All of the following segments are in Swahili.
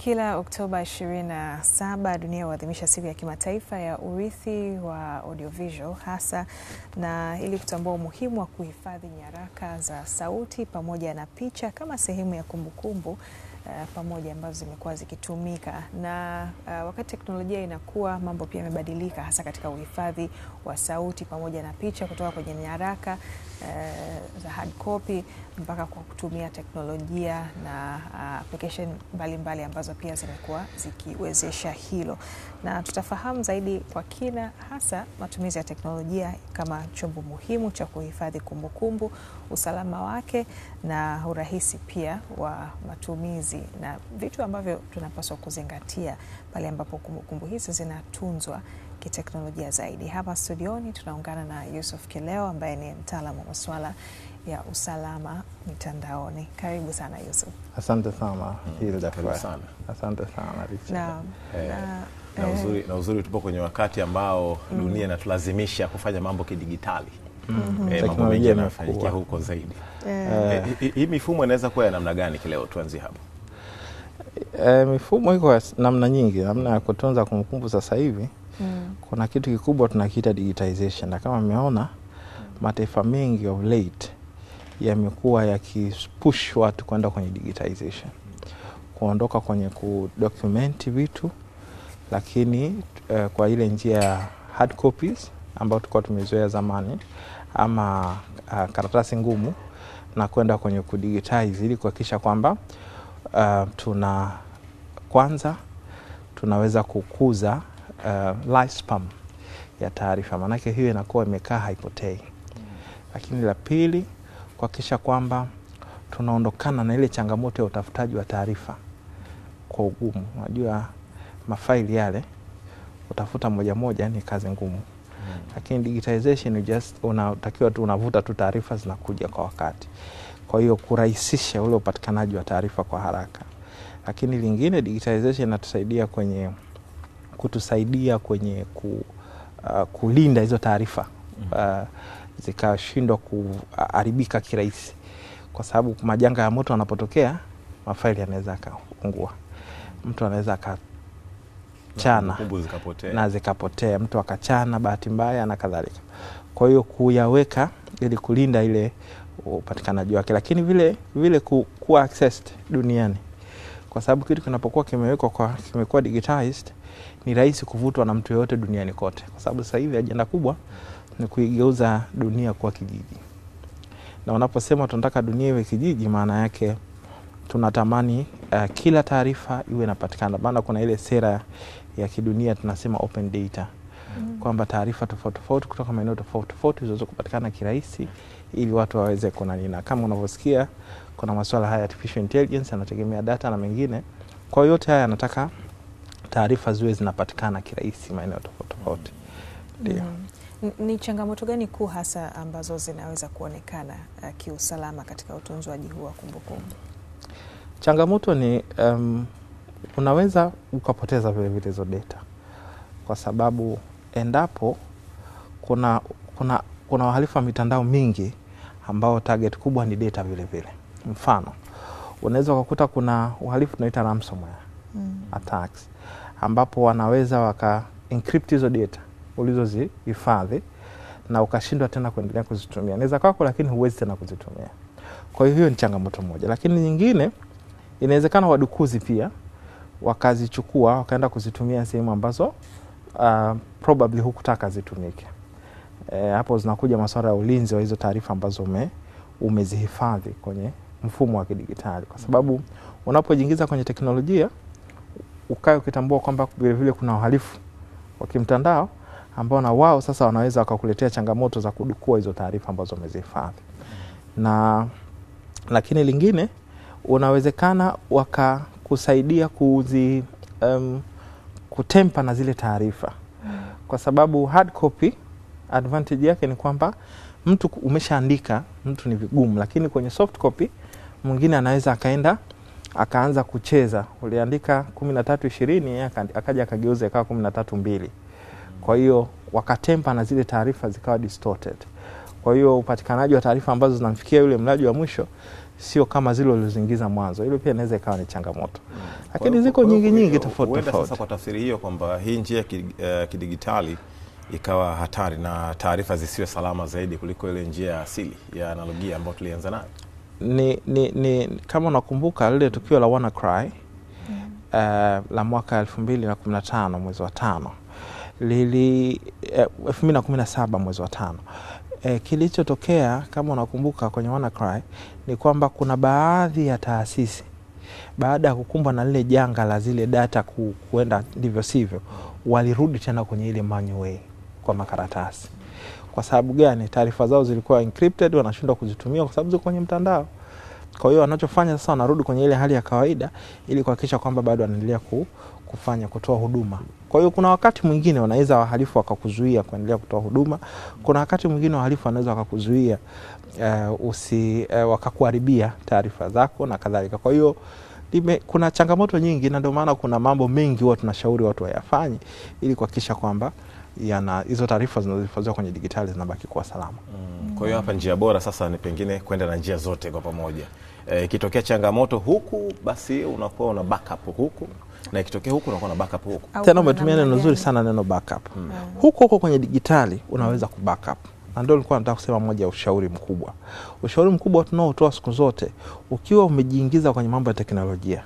Kila Oktoba 27 dunia huadhimisha siku ya kimataifa ya urithi wa audiovisual hasa na ili kutambua umuhimu wa kuhifadhi nyaraka za sauti pamoja na picha kama sehemu ya kumbukumbu uh, pamoja ambazo zimekuwa zikitumika na uh, wakati teknolojia inakuwa, mambo pia yamebadilika hasa katika uhifadhi wa sauti pamoja na picha kutoka kwenye nyaraka uh, za hard copy mpaka kwa kutumia teknolojia na uh, application mbalimbali mbali ambazo pia zimekuwa zikiwezesha hilo, na tutafahamu zaidi kwa kina hasa matumizi ya teknolojia kama chombo muhimu cha kuhifadhi kumbukumbu, usalama wake na urahisi pia wa matumizi na vitu ambavyo tunapaswa kuzingatia pale ambapo kumbukumbu hizi zinatunzwa kiteknolojia zaidi. Hapa studioni tunaungana na Yusuf Kileo ambaye ni mtaalamu wa masuala ya usalama mitandaoni. Karibu sana Yusuf. Asante sana hmm, Hilda. Asante sana Richard. Eh, na eh. uzuri, na uzuri tupo kwenye wakati ambao mm. dunia inatulazimisha kufanya mambo kidigitali mm -hmm. E, mambo mengi yanayofanyikia huko zaidi yeah. E, hii mifumo inaweza kuwa ya namna gani kileo? Tuanzie hapo. E, mifumo iko namna nyingi, namna ya kutunza kumbukumbu sasa hivi kuna kitu kikubwa tunakiita digitization, na kama mmeona mataifa mengi of late yamekuwa yakipush watu kwenda kwenye digitization, kuondoka kwenye kudokumenti vitu, lakini uh, kwa ile njia ya hard copies ambayo tulikuwa tumezoea zamani ama uh, karatasi ngumu na kwenda kwenye kudigitize ili kuhakikisha kwamba uh, tuna kwanza tunaweza kukuza uh, spam ya taarifa, maanake hiyo inakuwa imekaa haipotei. Lakini la pili, kuhakikisha kwamba tunaondokana na ile changamoto ya utafutaji wa taarifa kwa ugumu. Unajua mafaili yale utafuta moja moja ni kazi ngumu Lakini digitization just unatakiwa tu unavuta tu taarifa zinakuja kwa wakati, kwa hiyo kurahisisha ule upatikanaji wa taarifa kwa haraka. Lakini lingine digitization inatusaidia kwenye kutusaidia kwenye ku, uh, kulinda hizo taarifa mm-hmm. uh, zikashindwa kuharibika kirahisi, kwa sababu majanga ya moto yanapotokea mafaili yanaweza akaungua, mtu anaweza akachana na zikapotea, mtu akachana bahati mbaya na kadhalika. Kwa hiyo kuyaweka ili kulinda ile upatikanaji wake, lakini vile vile kuwa accessed duniani kwa sababu kitu kinapokuwa kimewekwa kwa kimekuwa digitized ni rahisi kuvutwa na mtu yoyote duniani kote, kwa sababu sasa hivi ajenda kubwa ni kuigeuza dunia kuwa kijiji. Na unaposema tunataka dunia iwe kijiji, maana yake tunatamani uh, kila taarifa iwe inapatikana, maana kuna ile sera ya kidunia tunasema open data mm, kwamba taarifa tofauti tofauti kutoka maeneo tofauti tofauti ziweze kupatikana kirahisi ili watu waweze kunani, na kama unavyosikia kuna masuala haya artificial intelligence yanategemea data na mengine. Kwa yote haya yanataka taarifa ziwe zinapatikana kirahisi maeneo tofauti tofauti. Ndio. Mm. Ni changamoto gani kuu hasa ambazo zinaweza kuonekana uh, kiusalama katika utunzwaji huu wa kumbukumbu? Changamoto ni um, unaweza ukapoteza vilevile hizo data kwa sababu endapo kuna, kuna, kuna wahalifu wa mitandao mingi ambao target kubwa ni data vile vile. Mfano, unaweza ukakuta kuna uhalifu tunaita ransomware mm. attacks ambapo wanaweza waka encrypt hizo data ulizozihifadhi na ukashindwa tena kuendelea kuzitumia. Inaweza kwako, lakini huwezi tena kuzitumia. Kwa hiyo hiyo ni changamoto moja, lakini nyingine inawezekana wadukuzi pia wakazichukua wakaenda kuzitumia sehemu ambazo uh, probably hukutaka zitumike e, hapo zinakuja masuala ya ulinzi wa hizo taarifa ambazo ume, umezihifadhi kwenye mfumo wa kidigitali, kwa sababu unapojiingiza kwenye teknolojia ukae ukitambua kwamba vilevile kuna uhalifu wa kimtandao ambao na wao sasa wanaweza wakakuletea changamoto za kudukua hizo taarifa ambazo umezihifadhi na lakini lingine unawezekana wakakusaidia kuzi um, kutempa na zile taarifa kwa sababu hard copy advantage yake ni kwamba mtu umeshaandika mtu ni vigumu, lakini kwenye soft copy mwingine anaweza akaenda akaanza kucheza. Uliandika kumi na tatu ishirini akaja akageuza ikawa kumi na tatu mbili kwa hiyo wakatempa na zile taarifa zikawa distorted. Kwa hiyo upatikanaji wa taarifa ambazo zinamfikia yule mlaji wa mwisho sio kama zile ulizoingiza mwanzo. Hilo pia inaweza ikawa ni changamoto hmm. Lakini ziko nyingi nyingi tofauti tofauti. Sasa kwa tafsiri hiyo kwamba hii njia ya eh, kidigitali ikawa hatari na taarifa zisiwe salama zaidi kuliko ile njia ya asili ya analogia ambayo tulianza nayo. Ni, ni, ni kama unakumbuka lile tukio la WannaCry mm. uh, la mwaka tano mwezi wa tano lili eh, elfu mbili na kumi na saba mwezi wa tano uh, kilichotokea kama unakumbuka kwenye WannaCry ni kwamba kuna baadhi ya taasisi baada ya kukumbwa na lile janga la zile data ku, kuenda ndivyo sivyo, walirudi tena kwenye ile manual kwa makaratasi. Kwa sababu gani? Taarifa zao zilikuwa encrypted, wanashindwa kuzitumia kwa sababu ziko kwenye mtandao. Kwa hiyo wanachofanya sasa, wanarudi kwenye ile hali ya kawaida ili kuhakikisha kwamba bado wanaendelea ku, kufanya kutoa huduma. Kwa hiyo kuna wakati mwingine wanaweza wahalifu wakakuzuia kuendelea kutoa huduma. Kuna wakati mwingine wahalifu wanaweza wakakuzuia uh, usi uh, wakakuharibia taarifa zako na kadhalika. Kwa hiyo kuna changamoto nyingi, na ndio maana kuna mambo mengi huwa tunashauri watu wayafanye ili kuhakikisha kwamba yana hizo taarifa zinazohifadhiwa kwenye digitali zinabaki kuwa salama. Mm. Kwa hiyo hapa njia bora sasa ni pengine kwenda na njia zote kwa pamoja. Eh, ikitokea e, changamoto huku basi unakuwa una backup huku na ikitokea huku unakuwa na backup huku. Tena umetumia neno zuri sana neno backup. Mm. Huko huko kwenye digitali unaweza kubackup na ndio nilikuwa nataka kusema moja ya ushauri mkubwa. Ushauri mkubwa tunaotoa siku zote, ukiwa umejiingiza kwenye mambo ya teknolojia,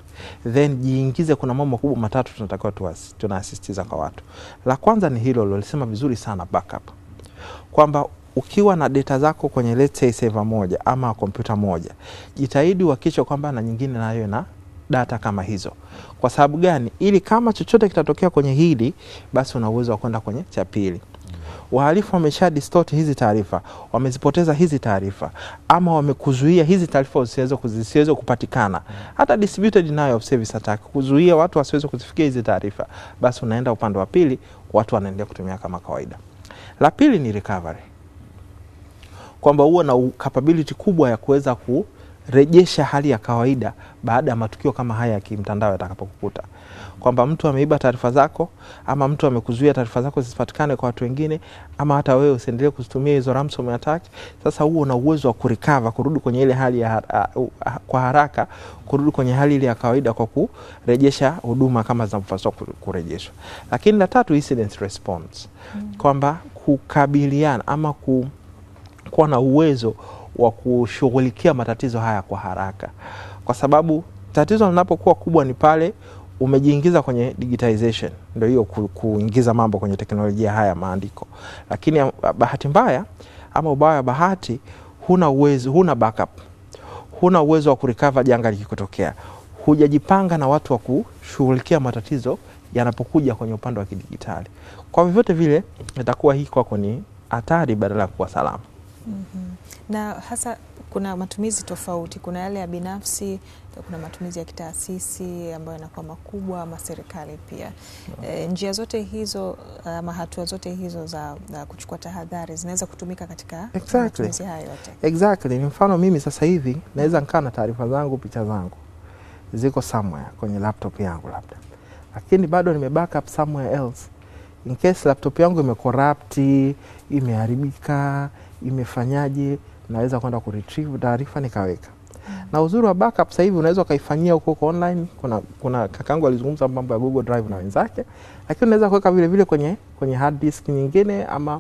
then jiingize. Kuna mambo makubwa matatu tunatakiwa tunaasistiza kwa watu. La kwanza ni hilo lolisema vizuri sana backup, kwamba ukiwa na data zako kwenye let's say server moja ama kompyuta moja, jitahidi uhakikishe kwamba na nyingine nayo na data kama hizo. Kwa sababu gani? Ili kama chochote kitatokea kwenye hili, basi una uwezo wa kwenda kwenye cha pili wahalifu wamesha distort hizi taarifa, wamezipoteza hizi taarifa, ama wamekuzuia hizi taarifa zisiweze kupatikana, hata distributed denial of service attack, kuzuia watu wasiweze kuzifikia hizi taarifa, basi unaenda upande wa pili, watu wanaendelea kutumia kama kawaida. La pili ni recovery, kwamba huwa na capability kubwa ya kuweza ku rejesha hali ya kawaida baada ya matukio kama haya ya kimtandao yatakapokukuta, kwamba mtu ameiba taarifa zako ama mtu amekuzuia taarifa zako zisipatikane kwa watu wengine, ama hata wewe usiendelee kuzitumia hizo ransomware attack. Sasa huo una uwezo wa kurikava, kurudi kwenye ile hali ya uh, uh, kwa haraka, kurudi kwenye hali ile ya kawaida kwa kurejesha huduma kama zinavyopaswa kurejeshwa. Lakini la tatu, incident response, mm. kwamba kukabiliana ama ku kuwa na uwezo wa kushughulikia matatizo haya kwa haraka, kwa sababu tatizo linapokuwa kubwa ni pale umejiingiza kwenye digitization, ndio hiyo kuingiza mambo kwenye teknolojia haya ya maandiko, lakini bahati mbaya ama ubaya wa bahati, huna uwezo, huna backup, huna uwezo wa kurecover janga likikotokea, hujajipanga na watu wa kushughulikia matatizo yanapokuja kwenye upande wa kidijitali. Kwa vyovyote vile, itakuwa hii kwako ni hatari badala ya kuwa salama. Mm-hmm. na hasa kuna matumizi tofauti, kuna yale ya binafsi, kuna matumizi ya kitaasisi ambayo yanakuwa makubwa ama serikali pia. E, njia zote hizo ama hatua zote hizo za, za kuchukua tahadhari zinaweza kutumika katika exactly. matumizi haya yote exactly. Mfano mimi sasa hivi naweza nkaa na taarifa zangu, picha zangu ziko somewhere kwenye laptop yangu labda, lakini bado nime backup somewhere else in case laptop yangu imekorapti, imeharibika imefanyaje, naweza kwenda retrieve taarifa nikaweka na uzuri wa backup sasa hivi unaweza ukaifanyia huko huko online. Kuna, kuna kakangu alizungumza mambo ya Google Drive na wenzake, lakini unaweza kuweka vile vile kwenye, kwenye hard disk nyingine ama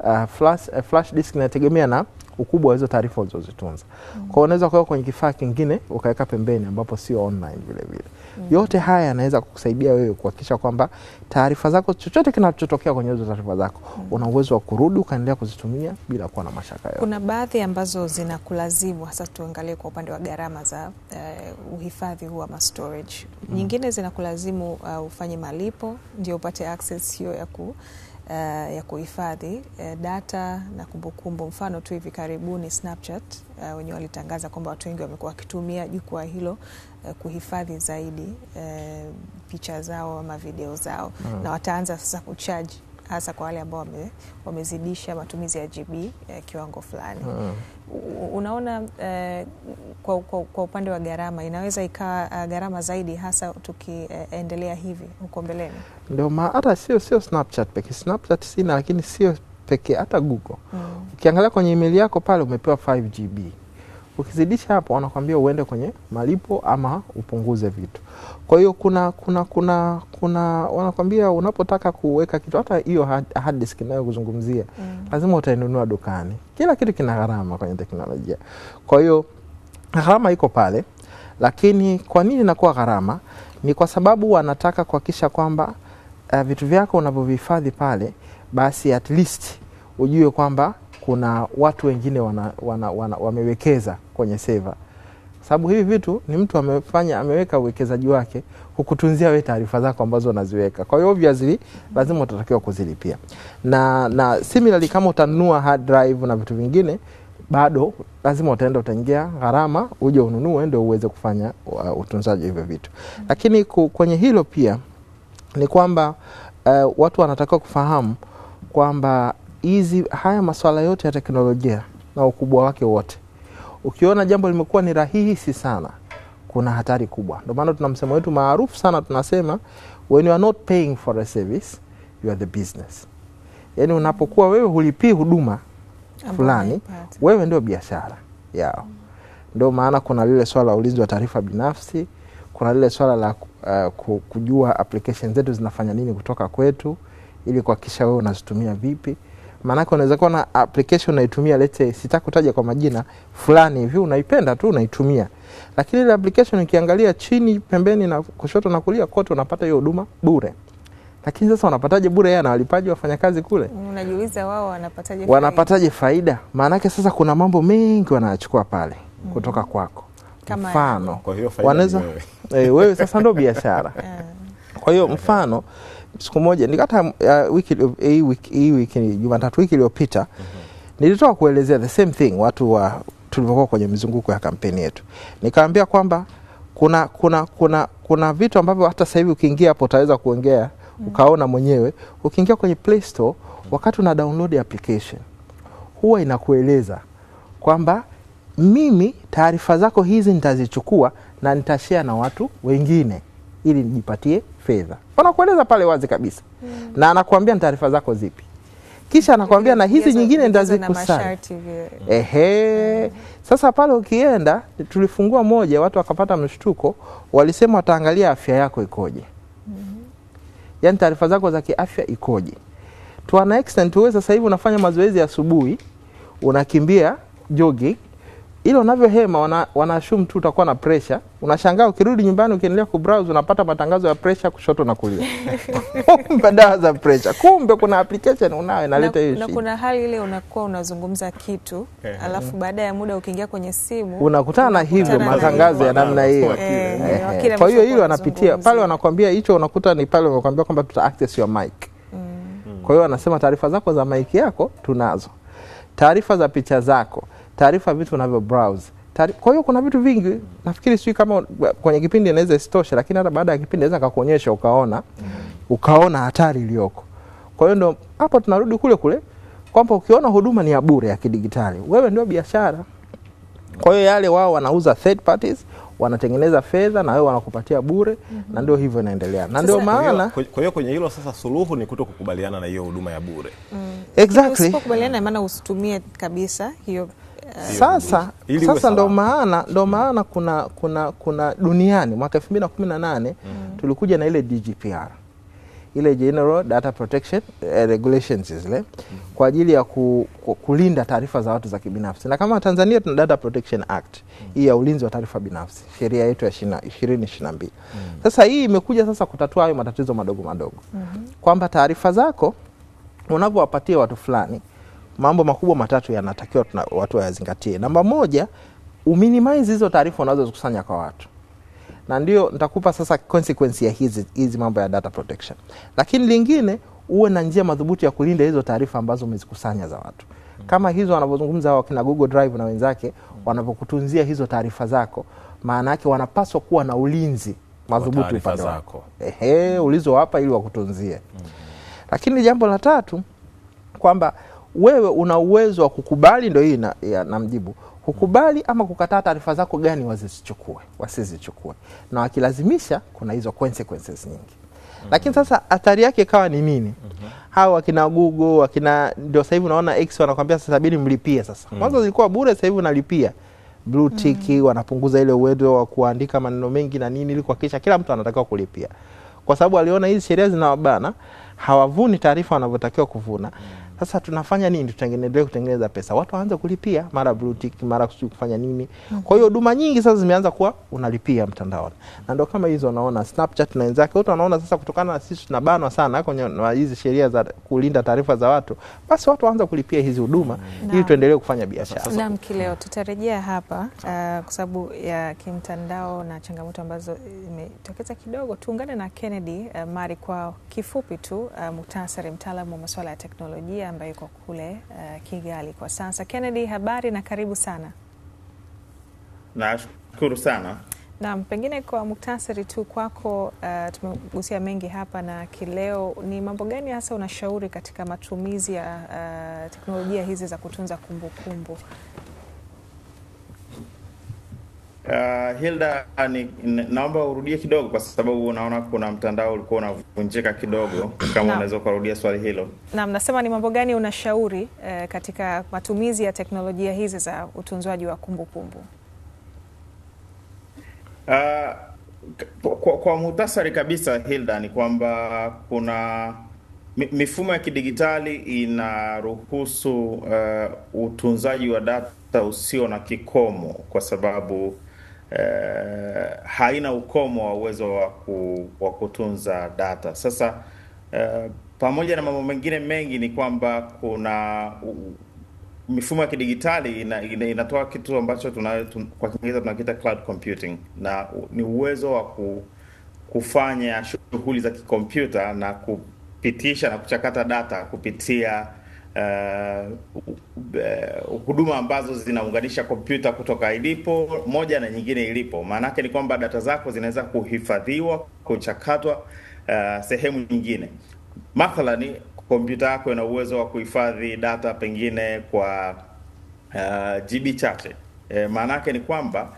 uh, flash, uh, flash disk inategemea na ukubwa wa hizo taarifa ulizozitunza. Mm. Kwa hiyo unaweza kuweka kwenye kifaa kingine ukaweka pembeni ambapo sio online vile vile. Mm. Yote haya yanaweza kukusaidia wewe kuhakikisha kwamba taarifa zako, chochote kinachotokea kwenye hizo taarifa zako, mm. una uwezo wa kurudi ukaendelea kuzitumia bila kuwa na mashaka yoyote. Kuna baadhi ambazo zinakulazimu hasa, tuangalie kwa upande wa gharama za uh, uhifadhi huu ama storage. Mm. Nyingine zinakulazimu uh, ufanye malipo ndio upate access hiyo ya ku uh, ya kuhifadhi uh, data na kumbukumbu. Mfano tu hivi karibuni Snapchat uh, wenyewe walitangaza kwamba watu wengi wamekuwa wakitumia jukwaa hilo uh, kuhifadhi zaidi uh, picha zao ama video zao mm. na wataanza sasa kuchaji hasa kwa wale ambao wame, wamezidisha matumizi ya GB eh, kiwango fulani hmm. Unaona eh, kwa, kwa, kwa upande wa gharama inaweza ikawa uh, gharama zaidi hasa tukiendelea eh, hivi huko mbeleni. Ndio hata sio sio Snapchat pekee, Snapchat sina, lakini sio pekee, hata Google hmm. Ukiangalia kwenye email yako pale umepewa 5 GB Ukizidisha hapo wanakwambia uende kwenye malipo ama upunguze vitu. Kwa hiyo kuna kuna kuna kuna wanakwambia unapotaka kuweka kitu, hata hiyo hard disk inayozungumzia mm. lazima utainunua dukani. Kila kitu kina gharama kwenye teknolojia, kwa hiyo gharama iko pale. Lakini kwa nini inakuwa gharama? Ni kwa sababu wanataka kuhakikisha kwamba uh, vitu vyako unavyovihifadhi pale, basi at least ujue kwamba kuna watu wengine wana, wana, wana, wamewekeza kwenye seva, sababu hivi vitu ni mtu amefanya, ameweka uwekezaji wake hukutunzia we taarifa zako ambazo unaziweka. Kwa hiyo obviously lazima utatakiwa kuzilipia, na, na similarly kama utanunua hard drive na vitu vingine bado lazima utaenda utaingia gharama uje ununue ndio uweze kufanya uh, utunzaji hivyo vitu mm -hmm. Lakini kwenye hilo pia ni kwamba uh, watu wanatakiwa kufahamu kwamba hizi haya masuala yote ya teknolojia na ukubwa wake wote, ukiona jambo limekuwa ni rahisi sana, kuna hatari kubwa. Ndio maana tuna msemo wetu maarufu sana tunasema, when you are not paying for a service you are the business. Yani unapokuwa wewe hulipii huduma fulani, wewe ndio biashara yao. Ndio maana kuna lile swala la ulinzi wa taarifa binafsi, kuna lile swala la uh, kujua application zetu zinafanya nini kutoka kwetu, ili kuhakikisha wewe unazitumia vipi maanake unaweza kuwa na application unaitumia, let's say sitakutaja kwa majina fulani hivi, unaipenda tu unaitumia, lakini ile application ukiangalia chini pembeni na kushoto na kulia kote unapata hiyo huduma bure. Lakini sasa wanapataje bure? Yeye anawalipaji wafanyakazi kule, unajiuliza wao wanapataje, wanapataje faida? Maanake sasa kuna mambo mengi wanayachukua pale mm. kutoka kwako, mfano kwa hiyo faida wanaweza wewe. Eh, wewe sasa ndio biashara ah. kwa hiyo mfano siku moja nikata uh, wiki hii wiki hii wiki ni Jumatatu wiki iliyopita mm -hmm. nilitoa kuelezea the same thing watu wa tulivyokuwa kwenye mizunguko ya kampeni yetu, nikaambia kwamba kuna, kuna, kuna, kuna vitu ambavyo hata sasa hivi ukiingia hapo utaweza kuongea mm -hmm. ukaona mwenyewe ukiingia kwenye Play Store mm. wakati una download application huwa inakueleza kwamba mimi taarifa zako hizi nitazichukua na nitashare na watu wengine ili nijipatie fedha. Wanakueleza pale wazi kabisa mm. na anakuambia ni taarifa zako zipi, kisha anakuambia na hizi nyingine ndazikusanya. Ehe, hmm. sasa pale ukienda, tulifungua moja, watu wakapata mshtuko, walisema wataangalia afya yako ikoje mm -hmm. yaani taarifa zako za kiafya ikoje Tuana extent. Wewe sasa hivi unafanya mazoezi asubuhi, unakimbia jogging ile unavyohema wana, tu utakuwa na pressure. Unashangaa ukirudi nyumbani ukiendelea kubrowse unapata matangazo ya pressure kushoto na kulia. Kumbe dawa za pressure. Kumbe kuna application unayo inaleta hiyo shida. Na kuna hali ile unakuwa unazungumza kitu, alafu baada ya muda ukiingia kwenye simu unakutana na hivyo matangazo ya namna hiyo. Kwa hiyo hilo anapitia pale wanakuambia hicho unakuta ni pale wanakuambia kwamba tuta access your mic. Mm. Kwa hiyo anasema taarifa zako za mic yako tunazo. Taarifa za picha zako taarifa ya vitu unavyo browse. Kwa hiyo kuna vitu vingi nafikiri, sijui kama kwenye kipindi inaweza isitoshe, lakini hata baada ya kipindi naweza kakuonyesha ukaona, ukaona hatari iliyoko. Kwa hiyo ndo hapo tunarudi kule kule kwamba ukiona huduma ni ya bure ya kidigitali, wewe ndio biashara. Kwa hiyo yale wao wanauza third parties wanatengeneza fedha na wewe wanakupatia bure mm -hmm. Na ndio hivyo inaendelea, na ndio maana. Kwa hiyo kwenye hilo sasa, suluhu ni kuto kukubaliana na hiyo huduma ya bure mm. Exactly. Usipokubaliana maana usitumie kabisa hiyo sasa, sasa ndo maana ndo maana kuna, kuna, kuna duniani mwaka 2018 mm tulikuja na ile dgpr ile General Data Protection eh, Regulations zile mm -hmm. kwa ajili ya ku, ku, kulinda taarifa za watu za kibinafsi, na kama Tanzania tuna Data Protection Act mm hii -hmm. ya ulinzi wa taarifa binafsi, sheria yetu ya 2022 mm -hmm. Sasa hii imekuja sasa kutatua hayo matatizo madogo madogo mm -hmm. kwamba taarifa zako unavyowapatia watu fulani mambo makubwa matatu yanatakiwa watu wayazingatie. Namba moja, uminimize hizo taarifa unazozikusanya kwa watu, na ndio nitakupa sasa consequence ya hizi, hizi mambo ya data protection. Lakini lingine uwe na njia madhubuti ya kulinda hizo taarifa ambazo umezikusanya za watu kama hizo wanavyozungumza hao kina Google Drive na wenzake wanapokutunzia hizo taarifa zako, maana yake wanapaswa kuwa na ulinzi madhubuti upande wako, ehe, ulizowapa ili wakutunzie. mm -hmm. Lakini jambo la tatu kwamba wewe una uwezo wa kukubali, ndio hii namjibu kukubali ama kukataa taarifa zako gani wazichukue wasizichukue, na wakilazimisha, kuna hizo consequences nyingi mm -hmm. Lakini sasa athari yake ikawa ni nini? mm -hmm. Hao wakina Google wakina, ndio sasa hivi unaona X wanakwambia sasa sabini mlipie sasa. mm -hmm. Kwanza zilikuwa bure, sasa hivi unalipia blue mhm. tick mm -hmm. wanapunguza ile uwezo wa kuandika maneno mengi na nini, ili kuhakikisha kila mtu anatakiwa kulipia, kwa sababu aliona hizi sheria zinawabana, hawavuni taarifa wanavyotakiwa kuvuna mm -hmm. Sasa tunafanya nini? Tutengenezee kutengeneza pesa, watu waanze kulipia mara blue tick, mara kusiku kufanya nini. Mm. Kwa hiyo huduma nyingi sasa zimeanza kuwa unalipia mtandaoni, na ndio kama hizo unaona Snapchat na wenzake, watu wanaona sasa, kutokana na sisi tunabanwa sana kwenye hizi sheria za kulinda taarifa za watu, basi watu waanze kulipia hizi huduma mm. ili tuendelee kufanya biashara. Naam, kileo tutarejea hapa uh, kwa sababu ya kimtandao na changamoto ambazo imetokeza kidogo. Tuungane na Kennedy uh, Mari kwa kifupi tu uh, muktasari, mtaalamu wa masuala ya teknolojia ambaye yuko kule uh, Kigali kwa sasa. Kennedy, habari na karibu sana. Nashukuru sana. Naam, pengine kwa muktasari tu kwako, uh, tumegusia mengi hapa na kileo, ni mambo gani hasa unashauri katika matumizi ya uh, teknolojia hizi za kutunza kumbukumbu kumbu? Uh, Hilda ni, naomba urudie kidogo kwa sababu unaona kuna mtandao ulikuwa unavunjika kidogo, kama unaweza kurudia swali hilo. Naam, nasema ni mambo gani unashauri eh, katika matumizi ya teknolojia hizi za utunzwaji wa kumbukumbu kumbu? Uh, kwa, kwa muhtasari kabisa Hilda, ni kwamba kuna mifumo ya kidigitali inaruhusu uh, utunzaji wa data usio na kikomo kwa sababu eh, haina ukomo wa uwezo wa ku, wa kutunza data. Sasa eh, pamoja na mambo mengine mengi ni kwamba kuna mifumo ya kidigitali ina, ina, inatoa kitu ambacho tuna, tun, kwa Kiingereza tunakiita cloud computing na ni uwezo wa ku, kufanya shughuli za kikompyuta na kupitisha na kuchakata data kupitia huduma uh, huduma ambazo zinaunganisha kompyuta kutoka ilipo moja na nyingine ilipo. Maana yake ni kwamba data zako zinaweza kuhifadhiwa, kuchakatwa uh, sehemu nyingine. Mathalani, kompyuta yako ina uwezo wa kuhifadhi data pengine kwa uh, GB chache. E, eh, maana yake ni kwamba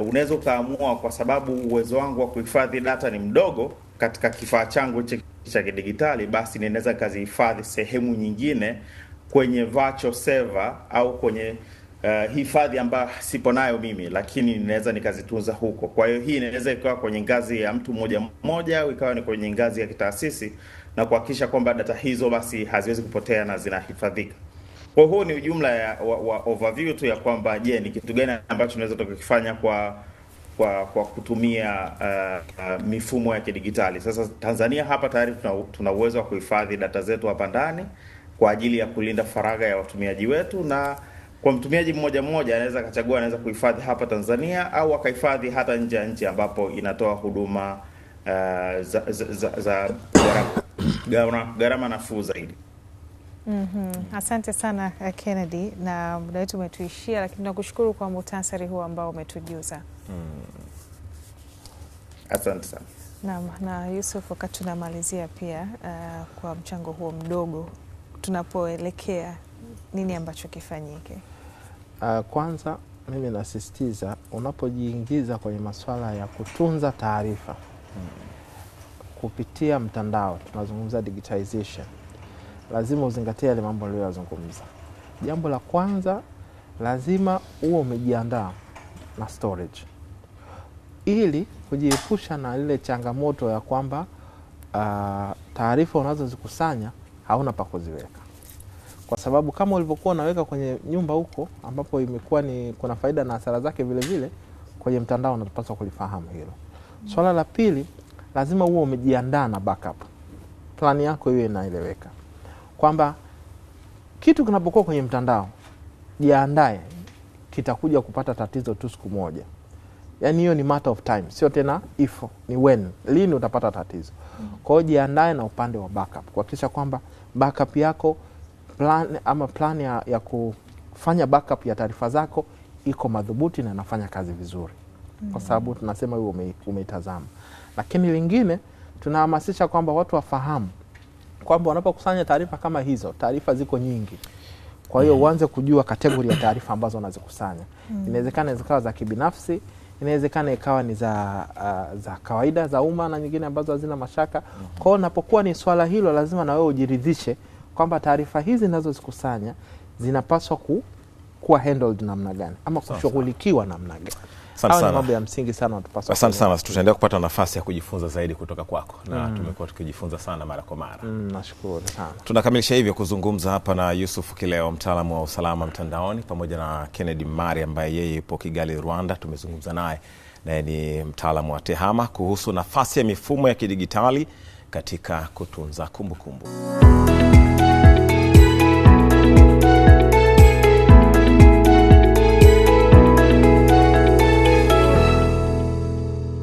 uh, unaweza ukaamua, kwa sababu uwezo wangu wa kuhifadhi data ni mdogo katika kifaa changu hichi cha kidigitali, basi ninaweza kazihifadhi sehemu nyingine kwenye virtual server au kwenye uh, hifadhi ambayo sipo nayo mimi, lakini ninaweza nikazitunza huko. Kwa hiyo hii inaweza ikawa kwenye ngazi ya mtu mmoja mmoja au ikawa ni kwenye ngazi ya kitaasisi, na kuhakikisha kwamba data hizo basi haziwezi kupotea na zinahifadhika. Kwa huu ni ujumla ya, wa, wa overview tu ya kwamba je, ni kitu gani ambacho tunaweza tukakifanya kwa kwa kwa kutumia uh, uh, mifumo ya kidigitali. Sasa Tanzania hapa tayari tuna, uwezo wa kuhifadhi data zetu hapa ndani kwa ajili ya kulinda faragha ya watumiaji wetu, na kwa mtumiaji mmoja mmoja anaweza akachagua, anaweza kuhifadhi hapa Tanzania au akahifadhi hata nje ya nchi ambapo inatoa huduma uh, za, za, za, za gharama nafuu zaidi. Mm -hmm. Asante sana eh, Kennedy, na muda wetu umetuishia, lakini tunakushukuru kwa muhtasari huo ambao umetujuza. Mm. Asante sana naam. Na Yusuf, wakati tunamalizia pia, uh, kwa mchango huo mdogo, tunapoelekea nini ambacho kifanyike? Uh, kwanza mimi nasisitiza unapojiingiza kwenye masuala ya kutunza taarifa mm. kupitia mtandao, tunazungumza digitization lazima uzingatie yale mambo aliyoyazungumza. Jambo la kwanza, lazima huo umejiandaa na storage ili kujiepusha na lile changamoto ya kwamba uh, taarifa unazozikusanya hauna pa kuziweka, kwa sababu kama ulivyokuwa unaweka kwenye nyumba huko ambapo imekuwa ni kuna faida na hasara zake vilevile vile, kwenye mtandao unapaswa kulifahamu hilo. Swala la pili, lazima uwe umejiandaa na backup, plan yako hiyo inaeleweka kwamba kitu kinapokuwa kwenye mtandao, jiandae kitakuja kupata tatizo tu siku moja. Yani hiyo ni matter of time, sio tena if, ni when, lini utapata tatizo. kwao jiandae na upande wa backup, kuhakikisha kwamba backup yako plan, ama plan ya, ya kufanya backup ya taarifa zako iko madhubuti na inafanya kazi vizuri, kwa mm. sababu tunasema hiyo umeitazama. Lakini lingine tunahamasisha kwamba watu wafahamu kwamba wanapokusanya taarifa kama hizo, taarifa ziko nyingi, kwa hiyo mm. uanze kujua kategori ya taarifa ambazo mm. Inawezekana zikawa za kibinafsi, inawezekana ikawa ni za, uh, za kawaida za umma na nyingine ambazo hazina mashaka. -hmm. Kwao unapokuwa ni swala hilo, lazima na wewe ujiridhishe kwamba taarifa hizi nazozikusanya zinapaswa ku, kuwa handled namna gani ama kushughulikiwa namna gani mambo ya msingi sana tupaswa. Asante sana, tutaendelea kupata nafasi ya kujifunza zaidi kutoka kwako na mm. tumekuwa tukijifunza sana mara kwa mara mm, nashukuru sana. Tunakamilisha hivyo kuzungumza hapa na Yusuf Kileo, mtaalamu wa usalama mtandaoni, pamoja na Kennedy Mari ambaye yeye yupo Kigali, Rwanda. Tumezungumza naye naye ni mtaalamu wa TEHAMA kuhusu nafasi ya mifumo ya kidigitali katika kutunza kumbukumbu kumbu.